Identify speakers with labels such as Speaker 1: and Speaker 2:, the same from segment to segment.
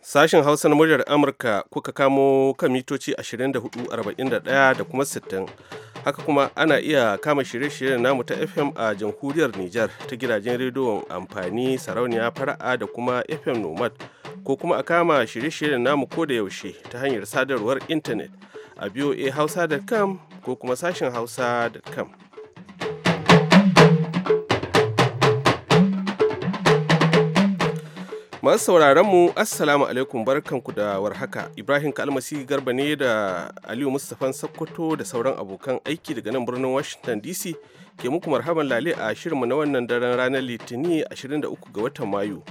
Speaker 1: Sashen Hausa na muryar Amurka kuka kamo kan mitoci 24,41 da kuma 60. Haka kuma ana iya kama shirye-shiryen namu ta FM a jamhuriyar Nijar ta gidajen rediyon amfani sarauniya fara'a da kuma FM Nomad ko kuma a kama shirye-shiryen namu ko da yaushe ta hanyar sadarwar intanet a Hausa.com ko kuma sashen hausa.com. masu sauraron mu assalamu alaikum barkanku da warhaka ibrahim kalmasi garba ne da aliyu mustapha sakkwato da sauran abokan aiki daga nan birnin washington dc ke muku marhaban lale a shirinmu na wannan daren ranar litinin 23 ga watan mayu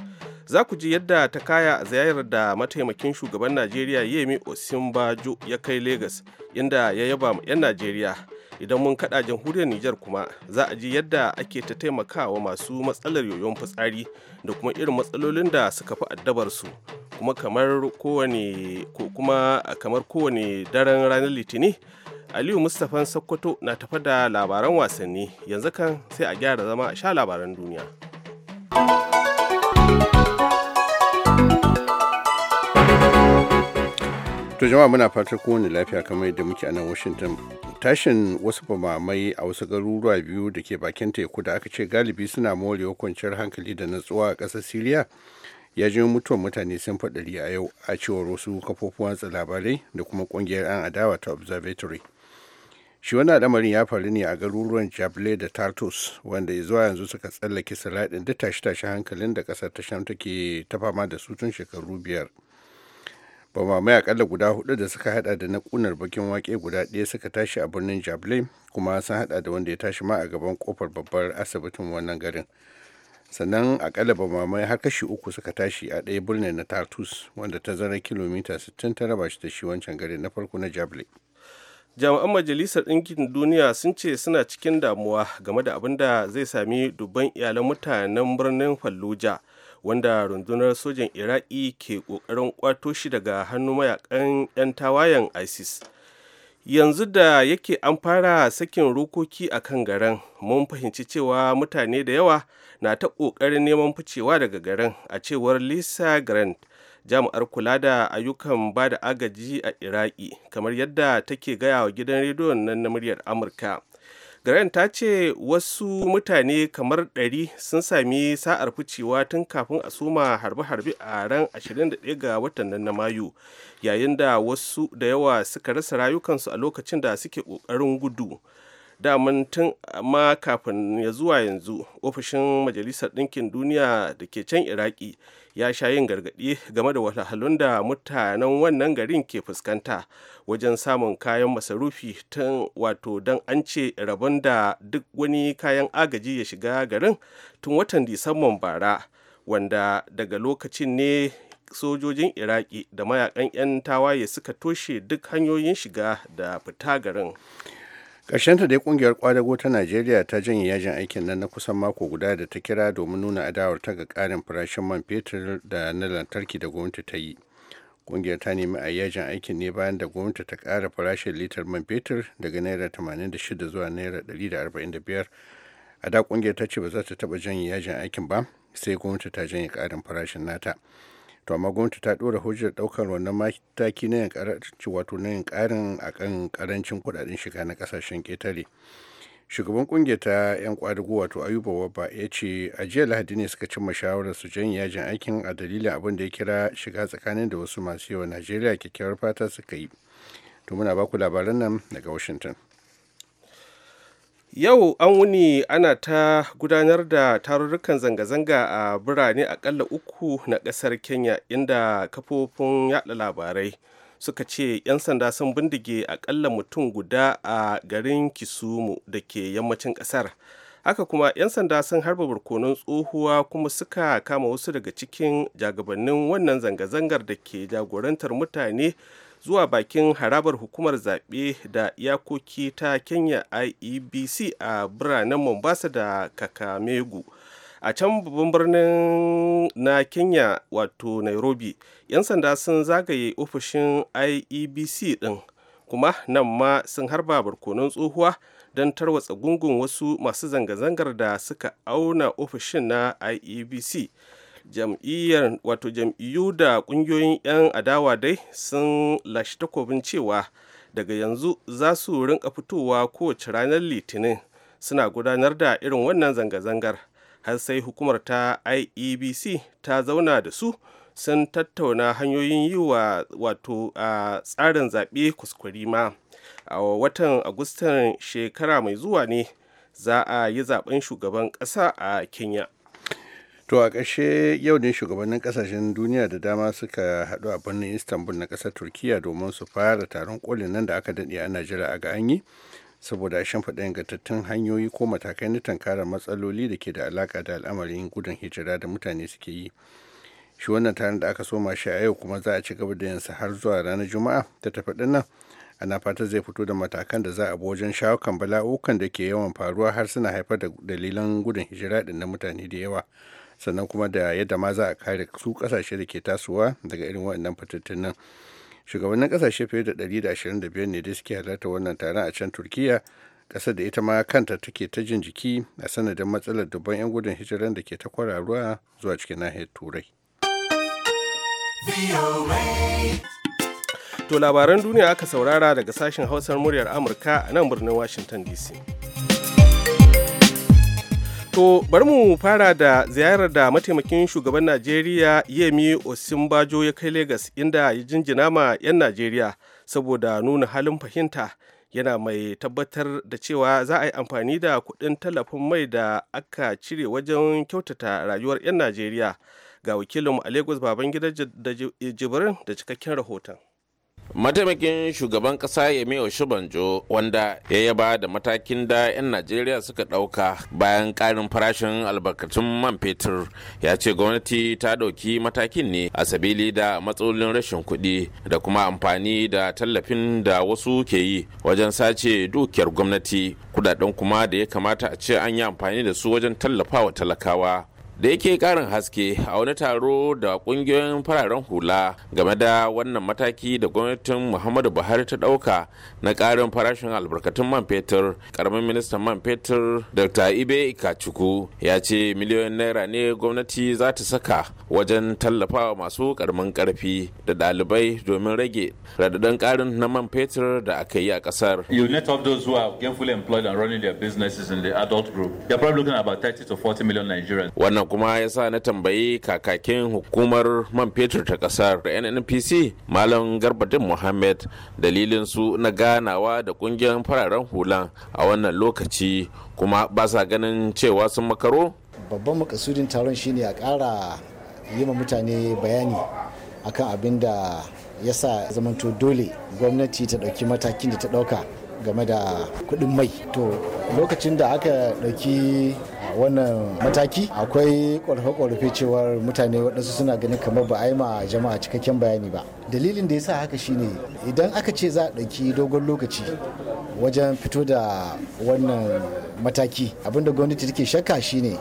Speaker 1: za ku ji yadda ta kaya a ziyarar da mataimakin shugaban najeriya yemi osimbajo ya kai lagos inda ya yaba 'yan najeriya idan mun kada jamhuriyar Nijar kuma za a ji yadda ake ta taimakawa masu matsalar yoyon fitsari da kuma irin matsalolin da suka fi addabar su kuma kamar kowane kuma kamar kowane daren ranar litini Aliyu Mustapha Sokoto na tafa da labaran wasanni yanzu kan sai a gyara zama a sha labaran duniya.
Speaker 2: to jama'a muna fatar kowane lafiya kamar yadda muke a nan washington tashin wasu bamamai a wasu garuruwa biyu da ke bakin teku da aka ce galibi suna morewa kwanciyar hankali da natsuwa a ƙasar syria ya ji mutuwar mutane sun faɗari a yau a cewar wasu kafofin watsa labarai da kuma ƙungiyar 'yan adawa ta observatory shi wani al'amarin ya faru ne a garuruwan jable da tartus wanda zuwa yanzu suka tsallake salaɗin da tashi-tashi hankalin da ƙasar ta sham take ta fama da su tun shekaru biyar ba mai akalla guda hudu da suka hada da na kunar bakin wake guda ɗaya suka tashi a birnin jable kuma sun hada da wanda ya tashi ma a gaban kofar babbar asibitin wannan garin sannan akalla ba mai har kashi uku suka tashi a ɗaya birnin na tartus wanda ta zara kilomita 60 ta raba shi da shi wancan garin na farko na jable
Speaker 1: jami'an majalisar ɗinkin duniya sun ce suna cikin damuwa game da abin da zai sami dubban iyalan mutanen birnin fallujah wanda rundunar sojan iraki ke kokarin kwato shi daga hannun mayakan 'yan tawayen isis yanzu da yake an fara sakin rokoki a kan garin mun fahimci cewa mutane da yawa na ta kokarin neman ficewa daga garin a cewar lisa grant jami'ar kula da ayyukan ba da agaji a iraki kamar yadda take gaya wa gidan rediyon nan na muryar amurka Grant ta ce wasu mutane kamar ɗari sun sami sa'ar ficewa tun kafin a suma harbe-harbe a ran 21 ga watan nan na Mayu, yayin da wasu da yawa suka rasa rayukansu a lokacin da suke ƙoƙarin gudu. daman tun ma kafin ya zuwa yanzu ofishin majalisar ɗinkin duniya da ke can iraki ya sha yin gargaɗi game da wahalhalun da mutanen wannan garin ke fuskanta wajen samun kayan masarufi tun wato don an ce rabon da duk wani kayan agaji ya shiga garin tun watan disamban bara wanda daga lokacin ne sojojin iraki da mayakan 'yan tawaye suka toshe duk hanyoyin shiga da fita garin
Speaker 2: karshenta dai kungiyar kwadago ta najeriya ta janye yajin aikin nan na kusan mako guda da ta kira domin nuna adawar ta ga karin farashin man fetur da na lantarki da gwamnati ta yi kungiyar ta nemi a yajin aikin ne bayan da gwamnati ta kara farashin litar man fetur daga naira 86 zuwa naira 145 a da kungiyar ta ce ba za ta taba janye yajin aikin ba sai gwamnati ta janye karin farashin nata to amma gwamnati ta ɗora hujjar ɗaukar wannan mataki na yin wato na yin ƙarin akan karancin kudaden shiga na kasashen ketare shugaban kungiyar ta 'yan kwadago wato ayuba wabba ya ce a jiya lahadi ne suka cimma shawarar su janye yajin aikin a dalilin abin da ya kira shiga tsakanin da wasu masu yawa najeriya kyakkyawar fata suka yi to muna baku labaran nan daga washington
Speaker 1: yau an wuni ana ta gudanar da tarurrukan zanga-zanga a birane akalla uku na ƙasar kenya inda kafofin yada labarai suka ce 'yan sanda sun bindige akalla mutum guda a garin kisumu da ke yammacin ƙasar haka kuma 'yan sanda sun harba barkonon tsohuwa kuma suka kama wasu daga cikin jagabannin wannan zanga-zangar da ke jagorantar mutane zuwa bakin harabar hukumar zaɓe da yakoki ta kenya iebc a biranen mombasa da kakamegu a can babban birnin na kenya wato nairobi 'yan sanda sun zagaye ofishin iebc ɗin kuma nan ma sun harba barkonon tsohuwa don tarwatsa gungun wasu masu zanga-zangar da suka auna ofishin na iebc jam'iyyar wato jam'iyyu da kungiyoyin 'yan adawa dai sun lashe takobin cewa daga yanzu za su rinka fitowa kowace ranar litinin suna gudanar da irin wannan zanga-zangar har sai hukumar ta iebc ta zauna da su sun tattauna hanyoyin yi wa wato a tsarin zaɓe kuskuri ma a watan agustan shekara mai zuwa ne za a yi zaɓen shugaban ƙasa a kenya to a
Speaker 2: ƙashe yau ne shugabannin ƙasashen duniya da dama suka haɗu a birnin istanbul na ƙasar turkiya domin su fara taron ƙolin nan da aka daɗe ana jira a ga anyi yi saboda faɗa ingantattun hanyoyi ko matakai na tankara matsaloli da ke da alaƙa da al'amarin gudun hijira da mutane suke yi shi wannan taron da aka soma shi a yau kuma za a ci gaba da yinsa har zuwa ranar juma'a ta tafi dinnan ana fata zai fito da matakan da za a bi wajen shawo kan bala'ukan da ke yawan faruwa har suna haifar da dalilan gudun hijira ɗin na mutane da yawa sannan kuma da yadda ma za a kare su kasashe da ke tasowa daga irin waɗannan fitattunan shugabannin kasashe fiye da 125 ne da suke halarta wannan taron a can turkiya ƙasar da ita ma kanta take ta jin jiki a sanadin matsalar dubban 'yan gudun hijiran da ke ta kwararruwa zuwa
Speaker 1: cikin nahiyar turai To labaran duniya aka saurara daga sashen hausar muryar Amurka a nan birnin Washington DC. To bari mu fara da ziyarar da mataimakin shugaban Najeriya Yemi Osinbajo ya kai Legas inda ya jinjina ma 'yan Najeriya saboda nuna halin fahimta yana mai tabbatar da cewa za a yi amfani da kuɗin tallafin mai da aka cire wajen kyautata rayuwar 'yan Najeriya ga wakilin a Lagos Babangida da Jibrin da cikakken rahoton.
Speaker 3: mataimakin shugaban kasa yemi banjo wanda ya yaba da matakin da 'yan najeriya suka ɗauka bayan ƙarin farashin albarkatun man fetur ya ce gwamnati ta ɗauki matakin ne a sabili da matsalolin rashin kuɗi da kuma amfani da tallafin da wasu ke yi wajen sace dukiyar gwamnati kudaden kuma da ya kamata a ce an yi amfani da su wajen tallafawa talakawa da yake karin haske a wani taro da kungiyoyin fararen hula game da wannan mataki da gwamnatin muhammadu buhari ta dauka na karin farashin albarkatun man fetur karamin ministan man fetur dr ibe ikachuku ya ce miliyoyin naira ne gwamnati za ta saka wajen tallafawa masu karamin karfi da dalibai domin rage radadin karin na man fetur da aka yi a kasar unit of those who are gainfully employed and running their probably looking about 30 to 40 million nigerians kuma ya sa na tambayi kakakin hukumar man fetur ta kasar da nnpc malam garbadin muhammad dalilin su na ganawa da kungiyar fararen hula a wannan lokaci kuma ba sa ganin cewa sun makaro
Speaker 4: babban makasudin taron shine a kara yi ma mutane bayani akan abin da ya sa zamanto dole gwamnati ta ɗauki matakin da ta ɗauka game da kuɗin mai to lokacin da aka ɗauki wannan mataki akwai ƙorafe-ƙorafe cewar mutane waɗansu suna ganin kamar ba a yi ma jama'a cikakken bayani ba dalilin da ya sa haka shine idan aka ce za a ɗauki dogon lokaci wajen fito da wannan mataki abinda gwamnati take shakka shine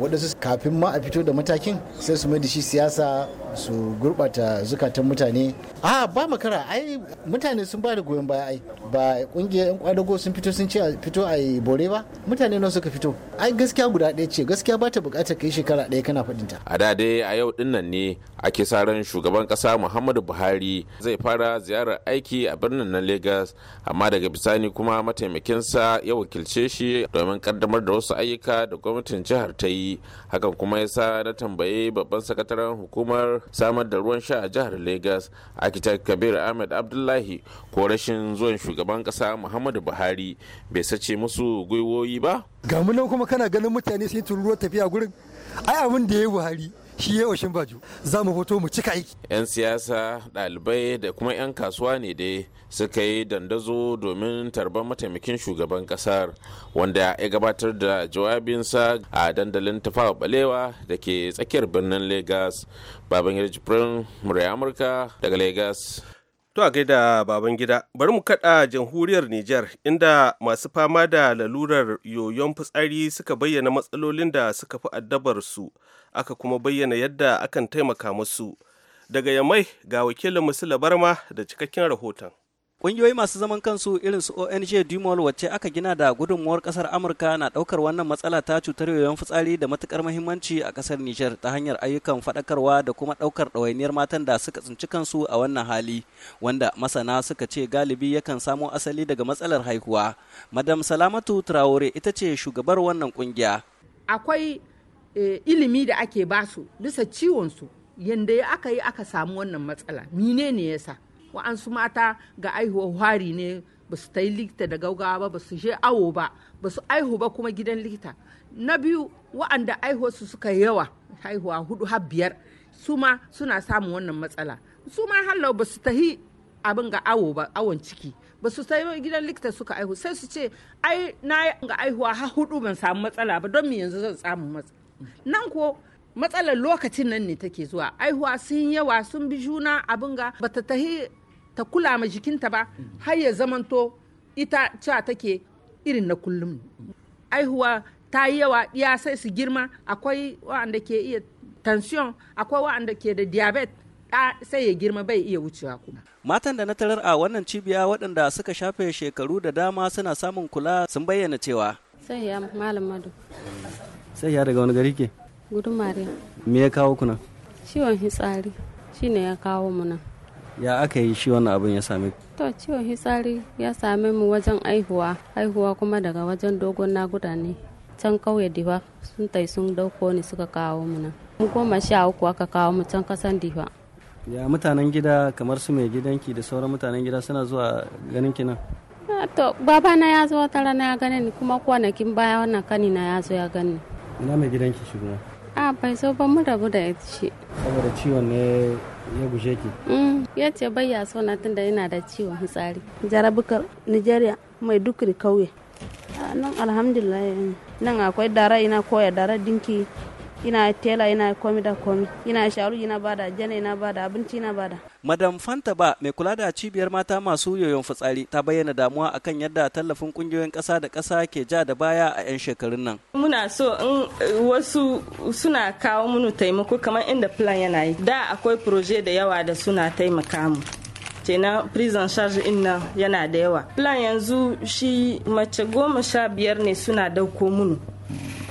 Speaker 4: waɗansu kafin ma a fito da matakin sai su mai da shi siyasa su gurbata zukatan mutane a ba makara ai mutane sun ba da goyon baya ai ba kungiyar yan kwadago sun fito sun ce fito a bore ba mutane nan suka fito ai gaskiya guda ɗaya ce gaskiya ba ta bukatar kai shekara ɗaya kana faɗin ta a
Speaker 3: da dai a yau din nan ne ake sa ran shugaban kasa muhammadu buhari zai fara ziyarar aiki a birnin na lagos amma daga bisani kuma mataimakinsa ya wakilce shi domin kaddamar da wasu ayyuka da gwamnatin jihar ta yi hakan kuma ya sa na tambaye babban sakataren hukumar samar da ruwan sha a jihar Legas architect Kabir Ahmed Abdullahi ko rashin zuwan shugaban kasa Muhammadu Buhari bai sace musu gwiwoyi ba.
Speaker 5: Ga kuma kana ganin mutane sai turuwa tafiya gurin ai abin da ya yi Buhari shi yawa baju za mu fito mu cika aiki
Speaker 3: yan siyasa ɗalibai da kuma yan kasuwa ne dai suka yi dandazo domin tarban mataimakin shugaban kasar wanda ya gabatar da jawabinsa a dandalin tafawa balewa da ke tsakiyar
Speaker 1: birnin lagos babangida jibrin murya amurka daga lagos To a gaida baban gida, bari mu kaɗa jamhuriyar Nijar inda masu fama da lalurar yoyon fitsari suka bayyana matsalolin da suka fi addabar su, aka kuma bayyana yadda akan taimaka musu. Daga yamai ga wakilin musu labarma da cikakken rahoton.
Speaker 6: Ƙungiyoyi masu zaman kansu irin su ONG Dumol wacce aka gina da gudunmuwar ƙasar Amurka na ɗaukar wannan matsala ta cutar yoyon fitsari da matuƙar muhimmanci a ƙasar Nijar ta hanyar ayyukan faɗakarwa da kuma ɗaukar ɗawainiyar matan da suka tsinci kansu a wannan hali, wanda masana suka ce galibi yakan samo asali daga matsalar haihuwa. Madam Salamatu Traore ita ce shugabar wannan ƙungiya.
Speaker 5: Akwai eh, ilimi da ake basu bisa ciwon su yanda aka yi aka samu wannan matsala, menene yasa? wa'ansu mata ga aihuwar hari ne ba su ta yi likita da gaugawa ba ba su je awo ba ba su aihu ba kuma gidan likita na biyu wa'anda aihuwarsu suka yawa haihuwa hudu har biyar su ma suna samun wannan matsala su ma hallau ba su tahi abin ga awo ba awon ciki ba su sai gidan likita suka aihu sai su ce ai na ga aihuwa har hudu ban samu matsala ba don me yanzu zan samu matsala nan ko matsalar lokacin nan ne take zuwa aihuwa sun yawa sun bi juna abin ga ta tahi ta kula ma jikinta ba har ya zamanto ita cewa take irin na kullum aihuwa ta yi yawa ya sai su girma akwai wa'anda ke iya tension akwai wa'anda ke da diabetes da sai ya girma bai iya wucewa kuma. Matan da na
Speaker 6: tarar a wannan cibiya waɗanda suka shafe shekaru da dama suna samun kula sun bayyana cewa.
Speaker 5: Sai ya malam madu.
Speaker 6: Sai ya daga wani gari ke?
Speaker 5: Gudun Mariya.
Speaker 6: Me ya kawo kuna?
Speaker 5: Ciwon hitsari shi ne ya kawo mu
Speaker 6: Ya aka yi shi wannan abin ya same ku?
Speaker 5: To ciwon hitsari ya same mu wajen aihuwa, aihuwa kuma daga wajen dogon naguda ne. Can kauye diba sun tai sun dauko ni suka kawo mu nan. Mu goma sha uku aka kawo mu can kasan diba.
Speaker 6: Ya mutanen gida kamar su mai gidanki da sauran mutanen gida suna zuwa ganin ki nan? Ah, to babana ya zo wata rana ya gane ni kuma kwanakin baya wannan kani na ya zo ya gani. Ina mai gidanki shi kuma? a bai zo ba mu rabu da shi saboda ciwon ne ya gushe ki
Speaker 5: mm, ya ce bai ya so na tunda yana da ciwon fitsari jarabukar nigeria mai dukri kauye nan alhamdulillah nan akwai dara ina koya dara dinki ina tela ina komi da
Speaker 7: komi ina sharu ina bada jana ina bada abinci ina bada
Speaker 6: madam fanta ba mai kula da cibiyar mata masu yoyon fitsari ta bayyana damuwa akan yadda tallafin kungiyoyin ƙasa da kasa ke ja da baya a yan shekarun nan
Speaker 5: muna so in eh, wasu suna kawo munu taimako kamar inda plan yana yi da akwai proje da yawa da suna taimaka mu tena prison charge in nan yana da yawa plan yanzu shi mace goma sha biyar ne suna dauko munu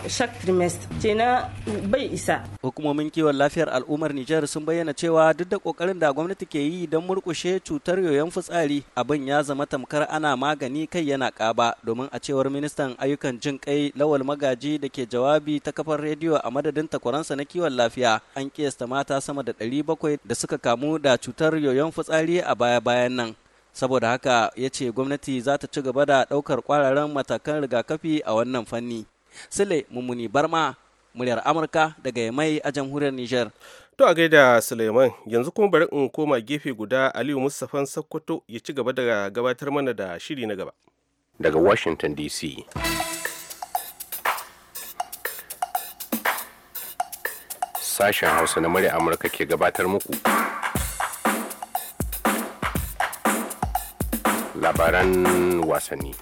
Speaker 5: shak trimester kenan bai isa hukumomin
Speaker 6: kiwon lafiyar al'ummar Nijar sun bayyana cewa duk da kokarin da gwamnati ke yi don murkushe cutar yoyon fitsari abin ya zama tamkar ana magani kai yana kaba domin a cewar ministan ayyukan jin kai lawal magaji da ke jawabi ta kafar rediyo a madadin takwaransa na kiwon lafiya an kiyasta mata sama da 700 da suka kamu da cutar yoyon fitsari a baya-bayan nan saboda haka ya ce gwamnati za ta ci gaba da ɗaukar kwararan matakan rigakafi a wannan fanni Sule Mumuni Barma, muryar Amurka daga Yamai a jamhuriyar
Speaker 1: Nijar. To a gaida Suleiman yanzu kuma bari in koma gefe guda Aliyu Mustafan Sokoto ya ci gaba daga gabatar mana da shiri na gaba. Daga
Speaker 2: Washington DC. Sashen Hausa na murya Amurka ke gabatar muku. Labaran wasanni.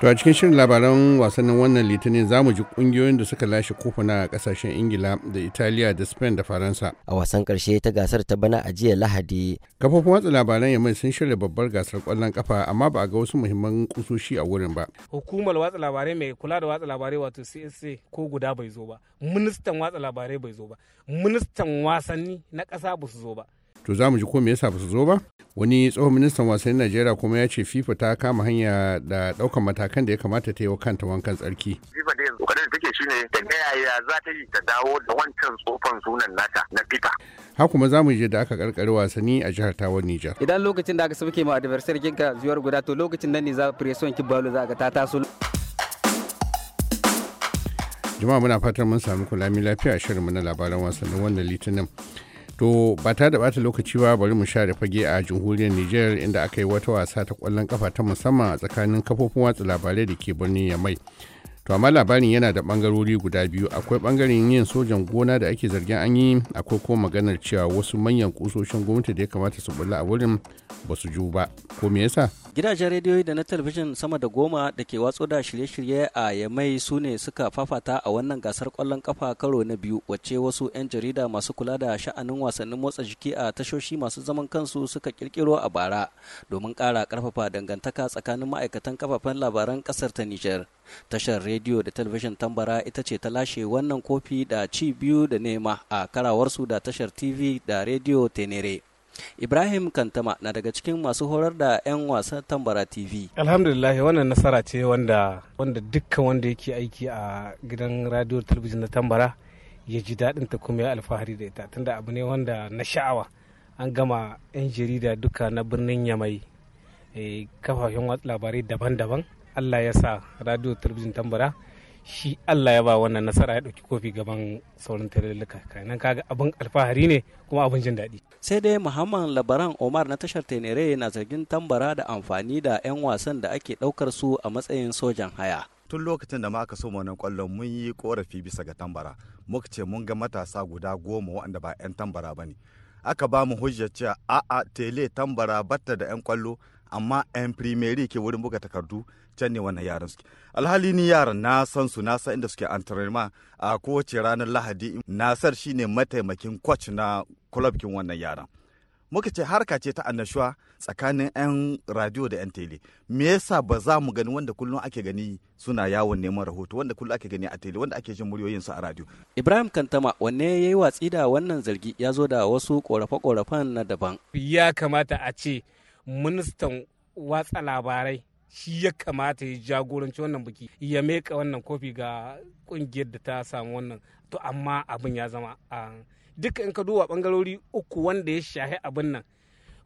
Speaker 2: To a cikin shirin labaran wasannin wannan litinin za mu ji kungiyoyin da suka lashe kofuna a kasashen Ingila da Italiya da Spain da Faransa.
Speaker 8: A wasan karshe ta gasar ta bana a jiya Lahadi.
Speaker 2: Kafofin watsa labaran Yemen sun shirya babbar gasar kwallon kafa amma ba a ga wasu muhimman kusoshi a wurin ba.
Speaker 7: Hukumar watsa labarai mai kula da watsa labarai wato CSA ko guda bai zo ba. Ministan watsa labarai bai zo ba. Ministan wasanni na kasa ba su zo ba.
Speaker 2: to za mu ji ko me yasa basu zo ba wani tsohon ministan wasannin najeriya kuma ya ce fifa ta kama hanya da daukan matakan da ya kamata ta yi wa kanta wankan tsarki
Speaker 9: fifa da yanzu da take shine ta yaya za ta yi ta dawo da wancan tsofan sunan nata na fifa
Speaker 2: ha kuma za mu je da aka karkare wasanni a jihar tawon nijar
Speaker 9: idan lokacin da aka
Speaker 6: sauke ma adversar ginka zuwar guda to lokacin nan ne za ki balo za ka ta taso
Speaker 2: jama'a muna fatan mun sami kula lafiya a shirinmu na labaran wasannin wannan litinin To ba ta da bata lokaci ba bari mu share fage a jamhuriyar Nijar inda aka yi wata wasa ta kwallon kafa ta musamman a tsakanin kafofin watsa labarai da ke birnin Yamai. to amma labarin yana da bangarori guda biyu akwai bangaren yin sojan gona da ake zargin an yi akwai kuma maganar cewa wasu manyan kusoshin gwamnati da ya kamata su bulla a wurin ba su ju ba ko me yasa
Speaker 6: gidajen rediyoyi da na talabijin sama da goma da ke watso da shirye-shirye a yamai su ne suka fafata a wannan gasar kwallon kafa karo na biyu wacce wasu 'yan jarida masu kula da sha'anin wasannin motsa jiki a tashoshi masu zaman kansu suka kirkiro a bara domin kara karfafa dangantaka tsakanin ma'aikatan kafafen labaran kasar ta nijar tashar rediyo da talabijin tambara ita ce ta lashe wannan kofi da ci biyu da nema a karawarsu da tashar tv da rediyo tenere ibrahim kantama na daga cikin masu horar da 'yan wasan tambara tv
Speaker 7: alhamdulillah wannan nasara ce wanda wanda dukkan wanda yake aiki a gidan radio talabijin na tambara ya ji daɗin ta kuma ya alfahari da ita tunda abu ne wanda na sha'awa an gama 'yan jarida duka na birnin yamai eh, kafafen labarai daban-daban allah ya sa radio talabijin tambara shi allah ya ba wannan nasara ya ɗauki kofi gaban sauran talilika kanan kaga abin alfahari ne kuma abin jin daɗi
Speaker 6: sai dai muhammad labaran omar na tashar tenere na zargin tambara da amfani da 'yan wasan da ake ɗaukar su a matsayin sojan haya
Speaker 7: tun
Speaker 10: lokacin da ma aka so wannan kwallon mun yi korafi bisa ga tambara muka ce mun ga matasa guda goma waɗanda ba 'yan tambara ba ne aka ba mu hujjar cewa a'a tele tambara batta da 'yan kwallo amma imprimeri ke wurin buga takardu can ne wannan yaran suke alhali ni yaran na san su na san inda suke antarema a kowace ranar lahadi nasar shine mataimakin coach na kulabkin wannan yaran muka ce harka ce ta annashuwa tsakanin 'yan radio da 'yan tele me yasa ba za mu gani wanda kullum ake gani suna yawon
Speaker 6: neman rahoto wanda kullum ake gani a tele wanda ake jin muryoyin su a radio ibrahim kantama wanne ya yi watsi da wannan zargi ya zo da wasu korafe-korafen na daban
Speaker 7: ya kamata a ce ministan watsa labarai shi ya kamata ya jagoranci wannan biki ya meka wannan kofi ga kungiyar da ta samu wannan to amma abin ya zama a duka in ka duba bangarori uku wanda ya shahi abin nan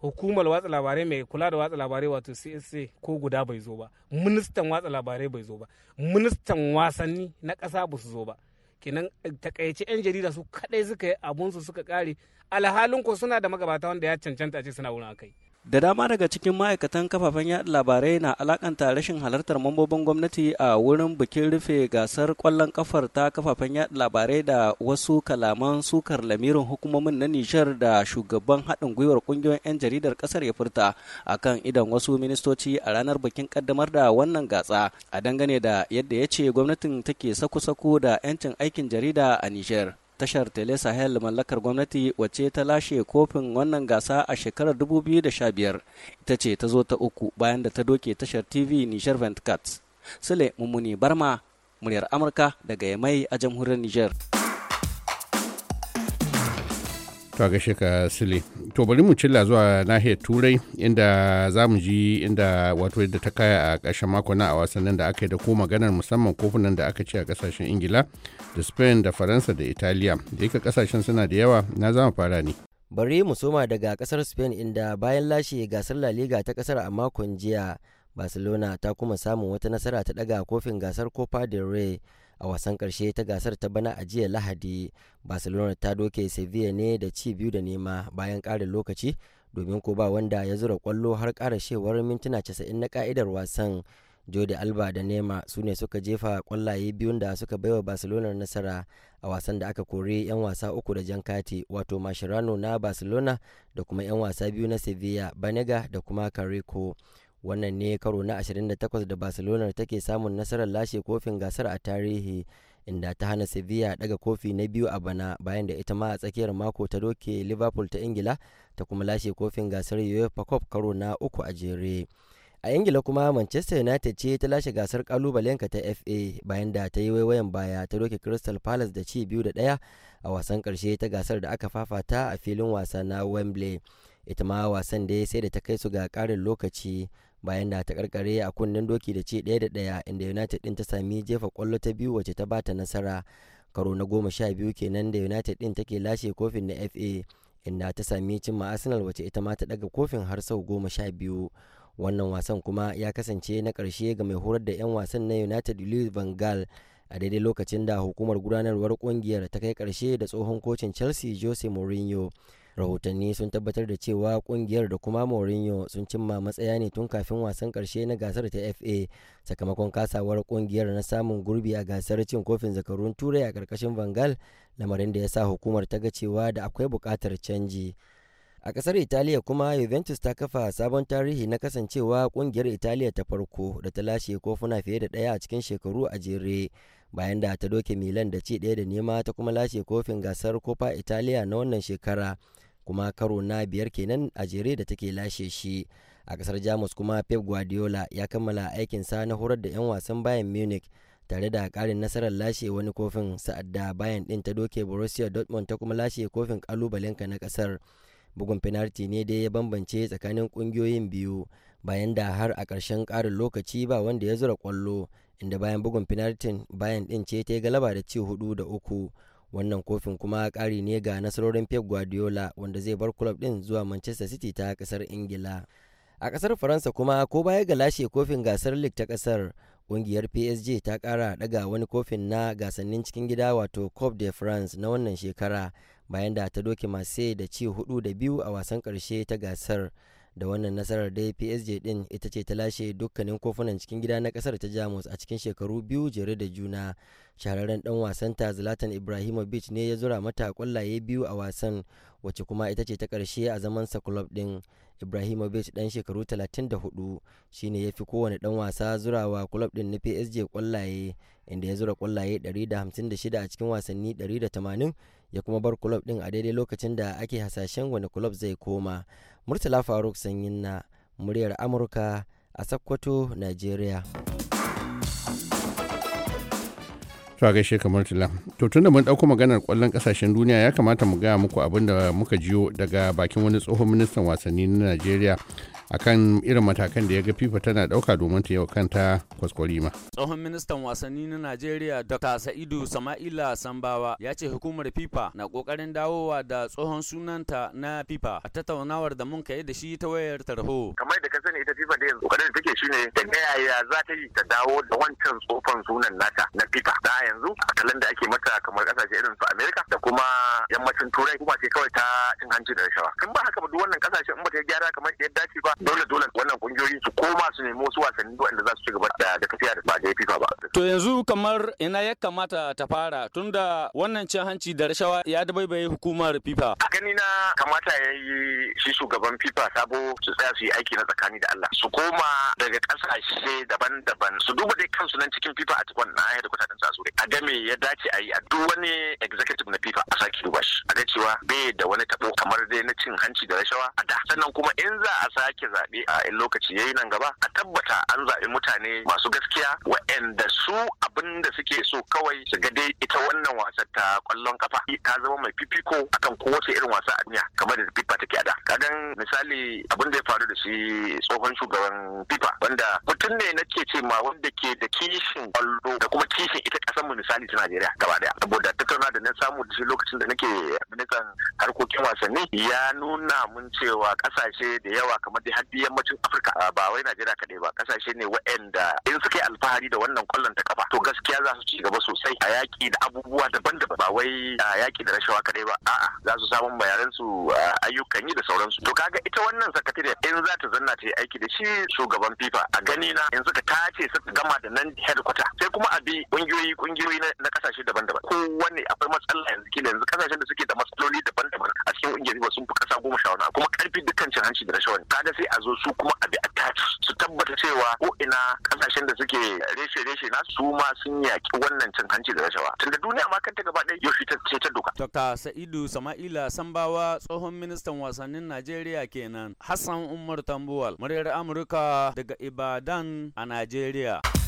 Speaker 7: hukumar watsa labarai mai kula da watsa labarai wato CSA ko guda bai zo ba ministan watsa labarai bai zo ba ministan wasanni na ƙasa ba su zo ba kenan takaice 'yan jarida su kadai suka yi abunsu suka kare alhalin ko suna da magabata wanda ya cancanta a ce suna wurin akai
Speaker 6: Da dama daga cikin ma'aikatan kafafen yaɗa labarai na alakanta rashin halartar mambobin gwamnati a wurin bikin rufe gasar kwallon kafar ta kafafen yaɗa labarai da wasu kalaman sukar lamirin hukumomin na Nijar da shugaban haɗin gwiwar ƙungiyoyin 'yan jaridar ƙasar ya furta akan idan wasu ministoci a ranar bikin ƙaddamar da wannan gatsa a dangane da yadda ya ce gwamnatin take sako-sako da 'yancin aikin jarida a Nijar. tashar tele sahel mallakar gwamnati wacce ta lashe kofin wannan gasa a shekarar 2015 ita ce ta zo ta uku bayan da ta doke tashar tv niger cats sule mummuni barma muryar amurka daga yamai a jamhuriyar niger
Speaker 2: to ga ka sile to bari mu cilla zuwa nahiyar turai inda za mu ji inda wato yadda ta kaya a ƙarshen mako na a wasannin da aka yi da ko maganar musamman kofunan da aka ci a ƙasashen ingila da spain da faransa da italiya da yake ƙasashen suna da yawa na za mu fara ne
Speaker 8: bari mu soma daga ƙasar spain inda bayan lashe gasar la liga ta ƙasar a makon jiya barcelona ta kuma samun wata nasara ta ɗaga kofin gasar copa del rey a wasan karshe ta gasar ta bana a jiya lahadi barcelona ta doke sevilla ne da ci biyu da nema bayan ƙarin lokaci domin ko ba wanda ya zura kwallo har kara shewar mintuna 90 na ka'idar wasan jodi alba da nema su ne suka jefa kwallaye biyun da suka baiwa barcelona nasara a wasan da aka kori 'yan wasa uku da jan kati wato mashirano na barcelona da kuma 'yan wasa biyu na sevilla banega da kuma carico. wannan ne karo na 28 da barcelona take samun nasarar lashe kofin gasar a tarihi inda ta hana sevilla daga kofi na biyu a bana bayan da ita ma a tsakiyar mako ta doke liverpool ta ingila ta kuma lashe kofin gasar uefa cup karo na uku a jere a ingila kuma manchester united ce ta lashe gasar kalubalenka ta fa bayan da ta yi waiwayan baya ta doke crystal palace da ci biyu da daya a wasan karshe ta gasar da aka fafata a filin wasa na wembley ita ma wasan da sai da ta kai su ga karin lokaci bayan da ta karkare a kunnen doki da ce daya da ɗaya inda united din ta sami jefa kwallo ta biyu wacce ta bata nasara karo na goma sha biyu kenan da united ɗin take lashe kofin na fa inda ta sami cimma arsenal wacce ita ma ta ɗaga kofin har sau goma sha biyu wannan wasan kuma ya kasance na karshe ga mai horar da 'yan wasan na united louis van gaal a daidai lokacin da hukumar gudanarwar kungiyar ta kai ƙarshe da tsohon kocin chelsea jose mourinho rahotanni sun tabbatar da cewa kungiyar da kuma mourinho sun cimma matsaya ne tun kafin wasan karshe na gasar ta fa sakamakon kasawar kungiyar na samun gurbi a gasar cin kofin zakarun turai a karkashin vangal lamarin da ya sa hukumar ta ga cewa da akwai bukatar canji a kasar italiya kuma juventus ta kafa sabon tarihi na kasancewa kungiyar italiya ta farko da ta lashe kofuna fiye da ɗaya a cikin shekaru a jere bayan da ta doke milan da ci daya da nema ta kuma lashe kofin gasar copa italiya na wannan shekara kuma karo na biyar kenan a jere da take lashe shi a kasar jamus kuma pep guardiola ya kammala sa na horar da 'yan wasan bayan munich tare da karin nasarar lashe wani kofin sa'adda bayan din ta doke borussia dortmund ta kuma lashe kofin kalubalenka na kasar bugun penalty ne dai ya bambance tsakanin kungiyoyin biyu bayan da har a karshen karin lokaci ba wanda ya zura kwallo inda bayan bugun penalty bayan din ce ta yi galaba da ci hudu da uku wannan kofin kuma ƙari ne ga nasarorin pep guardiola wanda zai bar club din zuwa manchester city ta ƙasar ingila a ƙasar faransa kuma ko baya ga lashe kofin gasar league ta kasar Ƙungiyar psg ta kara daga wani kofin na gasannin cikin gida wato cop de france na wannan shekara bayan da ta doke marseille da ci hudu da biyu a wasan karshe ta gasar da wannan nasarar dai psg din ita ce ta lashe dukkanin kofunan cikin gida na kasar ta jamus a cikin shekaru biyu jere da juna shahararren dan wasan ta zlatan ibrahimovic ne ya zura mata kwallaye biyu a wasan wacce kuma ita ce ta karshe a zaman sa club din ibrahimovic dan shekaru 34 shine ya fi kowane dan wasa zurawa club din na psg kwallaye inda ya zura kwallaye 156 a cikin wasanni 180 ya kuma bar kulob din a daidai lokacin da ake hasashen wani kulob zai koma murtala faruk sanyin na muryar amurka a sakkwato nigeria
Speaker 2: to shi kamar tula to tunda mun dauko maganar kwallon kasashen duniya ya kamata mu gaya muku abin da muka jiyo daga bakin wani tsohon ministan wasanni na najeriya akan irin matakan da ya ga fifa tana dauka domin ta yau kanta kwaskwarima.
Speaker 3: tsohon ministan wasanni na najeriya dr sa'idu sama'ila sambawa ya ce hukumar fifa na kokarin dawowa da tsohon sunanta na fifa a tattaunawar da mun kai da shi ta wayar tarho
Speaker 9: kamar da ka sani ita fifa da yanzu kokarin da take shine da yaya za ta yi ta dawo da wancan tsofan sunan nata na fifa da yanzu a kalan da ake mata kamar kasashe irin su Amerika, da kuma yammacin turai kuma ce kawai ta cin hanci da rashawa in ba haka ba duk wannan kasashe in ba ta gyara kamar yadda dace ba dole dole wannan kungiyoyin su koma su nemi wasu wasanni wanda za su ci gaba da da tafiya da ba da FIFA ba.
Speaker 3: To yanzu kamar ina ya kamata ta fara tunda wannan cin hanci da rashawa ya dabaibaye hukumar
Speaker 9: FIFA. A gani na kamata ya yi shi shugaban FIFA sabo su tsaya su yi aiki na tsakani da Allah su koma daga ƙasashe daban-daban su duba dai kansu nan cikin FIFA a cikin na ya da kuɗaɗen su a game ya dace a yi a duk wani executive na FIFA a saki duba shi a ga cewa bai da wani tabo kamar dai na cin hanci da rashawa a da sannan kuma in za a sake sake zaɓe a in lokaci yayi nan gaba a tabbata an zaɓi mutane masu gaskiya waɗanda su abin da suke so kawai su ga dai ita wannan wasan ta kwallon kafa ta zama mai fifiko akan kowace irin wasa a duniya kamar da FIFA take a da kagan misali abin da ya faru da shi tsohon shugaban FIFA wanda mutum ne nake ce ma wanda ke da kishin kwallo da kuma kishin ita kasar mu misali ta Najeriya gaba daya saboda tattauna da na samu da shi lokacin da nake ministan harkokin wasanni ya nuna mun cewa kasashe da yawa kamar da har yammacin Afirka ba wai Najeriya kaɗai ba kasashe ne waɗanda in suka yi alfahari da wannan kwallon ta kafa to gaskiya za su ci gaba sosai a yaƙi da abubuwa daban-daban ba wai a yaƙi da rashawa kaɗai ba a'a za su samu bayanan su ayyukan yi da sauransu to kaga ita wannan sakatare in za ta zanna ta yi aiki da shi shugaban FIFA a gani na in suka tace suka gama da nan headquarter sai kuma a bi kungiyoyi kungiyoyi na kasashe daban-daban kowanne akwai matsala yanzu kila yanzu kasashen da suke da matsaloli daban-daban a cikin kungiyar sun fi kasa goma sha wani kuma karfi dukkan cin hanci da rashawa kaga sai sai a zo su kuma a bi a su tabbata cewa ko ina kasashen da suke reshe-reshe na su ma sun yaki wannan cin hanci da rashawa tunda duniya ma kanta gaba ɗaya
Speaker 3: yoshi ta ce ta doka. Dr. Sa'idu Sama'ila Sambawa tsohon ministan wasannin Najeriya kenan Hassan Umar Tambuwal muryar Amurka daga Ibadan a Najeriya.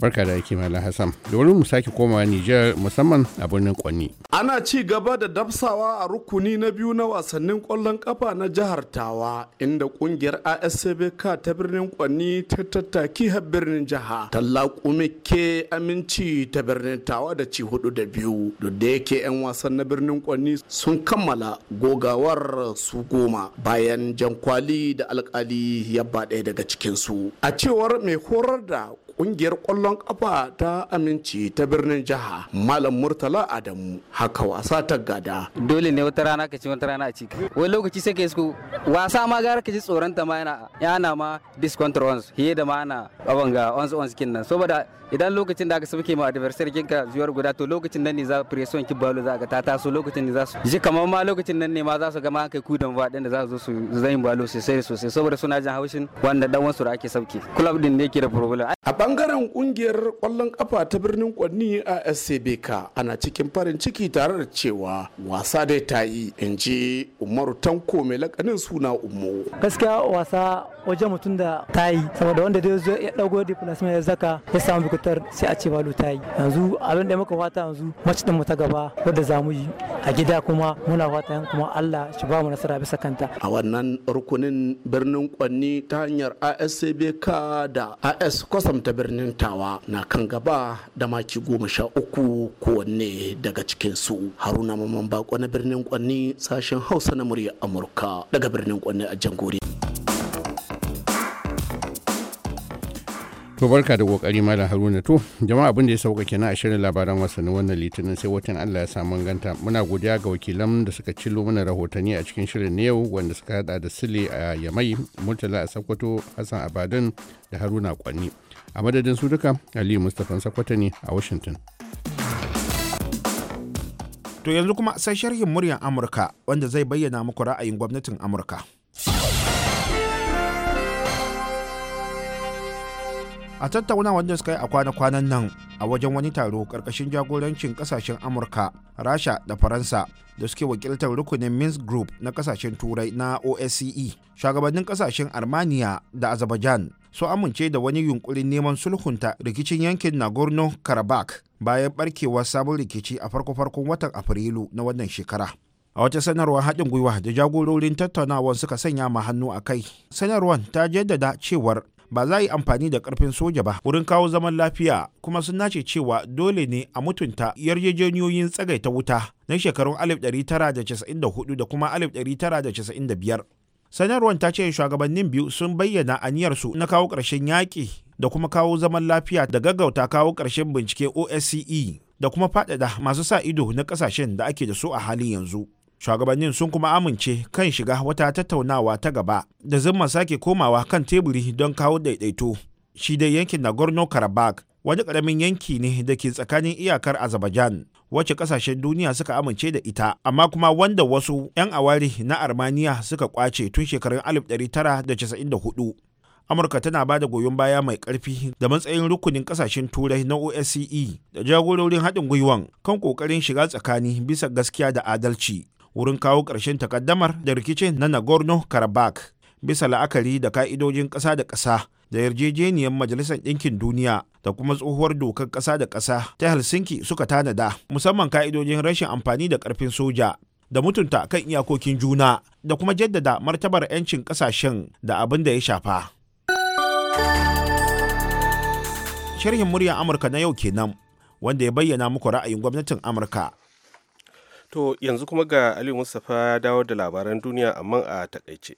Speaker 2: barka da yake malam hassan domin mu sake komawa nijar musamman a birnin kwanni
Speaker 10: ana ci gaba da dafsawa a rukuni na biyu na wasannin kwallon kafa na jihar tawa inda kungiyar asbk ta birnin kwanni ta tattaki har birnin jiha talla ke aminci ta birnin tawa da ci hudu da biyu duk da yake yan wasan na birnin kwanni sun kammala gogawar su goma bayan jan kwali da alkali ya ba ɗaya daga cikinsu a cewar mai horar da kungiyar kwallon kafa ta aminci ta birnin jiha malam murtala adamu haka wasa ta gada
Speaker 6: dole ne wata rana ka ci wata rana a ci wani lokaci sai ka isko wasa ma gara ka ji tsoron ta ma yana ma discount runs hiye da ma ana abanga ons ons kin nan saboda idan lokacin da aka sauke ma adversary kinka zuwar guda to lokacin nan ne za pression ki balo za ka ta taso lokacin ne za su ji kamar ma lokacin nan ne ma za su ga ma kai kudan ba da za su zo su zayin balo sosai sosai saboda suna jin haushin wanda dan wasu ake sauke club din ne ke da problem
Speaker 10: a bangaren kungiyar kwallon kafa ta birnin Kwanni a SCBK ana cikin farin ciki tare da cewa wasa dai ta yi in ji Umaru Tanko mai lakanin suna Ummo
Speaker 6: gaskiya wasa waje mutum da ta yi saboda wanda zai zo ya dago plasma ya zaka ya samu bukatar sai a ce balu ta yi yanzu abin da muka fata yanzu mace din mu ta gaba wanda za mu yi a gida kuma muna fatan kuma Allah shi ba mu nasara bisa kanta a
Speaker 10: wannan rukunin birnin kwanni ta hanyar ka da AS kwasam ta birnin Tawa na kan gaba da maki goma sha uku kowanne daga cikin su Haruna Mamman Bako na birnin kwanni sashen Hausa na murya Amurka daga birnin
Speaker 2: kwanni a Jangore. To barka da kokari Malam Haruna to jama'a abin da ya sauka kenan a shirin labaran wasanni wannan litinin sai watan Allah ya samu ganta muna godiya ga wakilan da suka cillo mana rahotanni a cikin shirin na yau wanda suka hada da Sile a Yamai Murtala a Sokoto Hassan Abadan da Haruna Kwanni a madadin su duka Aliyu Mustapha Sokoto ne a Washington
Speaker 11: To yanzu kuma sai sharhin muryar Amurka wanda zai bayyana muku ra'ayin gwamnatin Amurka a tattaunawar da suka yi a kwana-kwanan nan a wajen wani taro karkashin jagorancin ƙasashen amurka rasha da faransa da suke wakiltar rukunin minsk group na ƙasashen turai na osce shugabannin ƙasashen armenia da azerbaijan su amince da wani yunkurin neman sulhunta rikicin yankin nagorno karabakh bayan barkewar sabon rikici a farko-farkon watan afrilu na wannan shekara a wata sanarwar haɗin gwiwa da jagororin tattaunawar suka sanya ma hannu a kai sanarwar ta jaddada cewar ba za a yi amfani da karfin soja ba wurin kawo zaman lafiya kuma sun nace cewa dole ne a mutunta yarjejeniyoyin tsagaita wuta na shekarun 1994 da kuma 1995 sanarwar ta ce shugabannin biyu sun bayyana aniyarsu na kawo ƙarshen yaƙi da kuma kawo zaman lafiya da gaggauta kawo ƙarshen bincike osce da kuma faɗaɗa masu sa ido na ƙasashen da ake da su a halin yanzu shugabannin sun kuma amince kan shiga wata tattaunawa ta gaba da zama sake komawa kan teburi don kawo daidaito shi dai yankin nagorno karabakh wani karamin yanki ne da ke tsakanin iyakar azerbaijan wacce kasashen duniya suka amince da ita amma kuma wanda wasu 'yan awari na armenia suka kwace tun shekarun 1994 amurka tana ba da goyon baya mai karfi da matsayin rukunin kasashen turai na osce da jagororin haɗin gwiwan kan ƙoƙarin shiga tsakani bisa gaskiya da adalci wurin kawo ƙarshen takaddamar da rikicin na Nagorno-Karabakh bisa la'akari da ka'idojin ƙasa da ƙasa da yarjejeniyar Majalisar Ɗinkin Duniya da kuma tsohuwar dokar ƙasa da ƙasa ta Helsinki suka tanada musamman ka'idojin rashin amfani da ƙarfin soja da mutunta kan iyakokin juna da kuma jaddada martabar 'yancin ƙasashen da abin da ya shafa. Sharhin muryar Amurka na yau kenan wanda ya bayyana muku ra'ayin gwamnatin Amurka.
Speaker 1: To yanzu kuma ga Ali ya dawo da labaran duniya amma a takaice.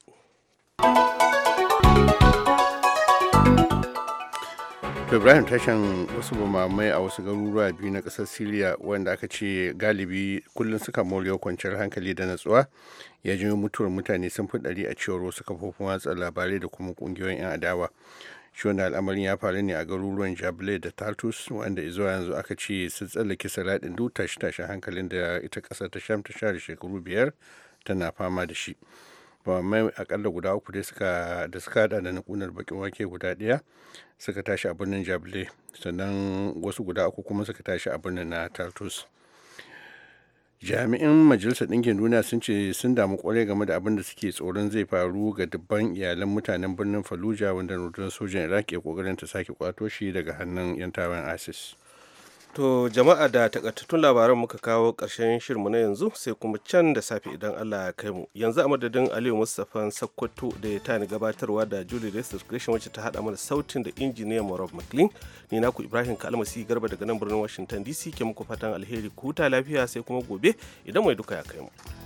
Speaker 2: Ibrahim tashan wasu bamamai a wasu garuruwa biyu na ƙasar Siriya wanda aka ce galibi kullum suka moriyo kwanciyar hankali da natsuwa ya janyo mutuwar mutane sun fi ɗari a cewar wasu kafofin watsa labarai da kuma ƙungiyoyin 'yan adawa. shi wani al'amarin ya faru ne a garuruwan jable da tartus wanda zuwa yanzu aka ce su tsallake saladin duk tashi-tashi hankalin da ita ƙasar ta sham ta share shekaru biyar tana fama da shi bamai akalla guda uku da suka da suka hada da nukunar bakin wake guda ɗaya suka tashi a birnin jable sannan wasu guda uku kuma suka tashi a birnin na tartus jami'in majalisar ɗinkin duniya sun ce sun damu kwarai game da abin da suke tsoron zai faru ga dubban iyalan mutanen birnin fallujah wanda rundunar sojan iraq ya kokarin ta sake kwato shi daga hannun yan tawayen isis
Speaker 1: To jama'a da takaitattun labaran muka kawo ƙarshen shirmu na yanzu sai kuma can da safe idan Allah ya kai mu. Yanzu a madadin Aliyu Mustapha Sakkwato da ya tani gabatarwa da Julie Lester Gresham wacce ta haɗa mana sautin da injiniya Morob McLean. Ni naku Ibrahim Kalmasi Garba daga nan birnin Washington DC ke muku fatan alheri ku huta lafiya sai kuma gobe idan mai duka ya kai mu.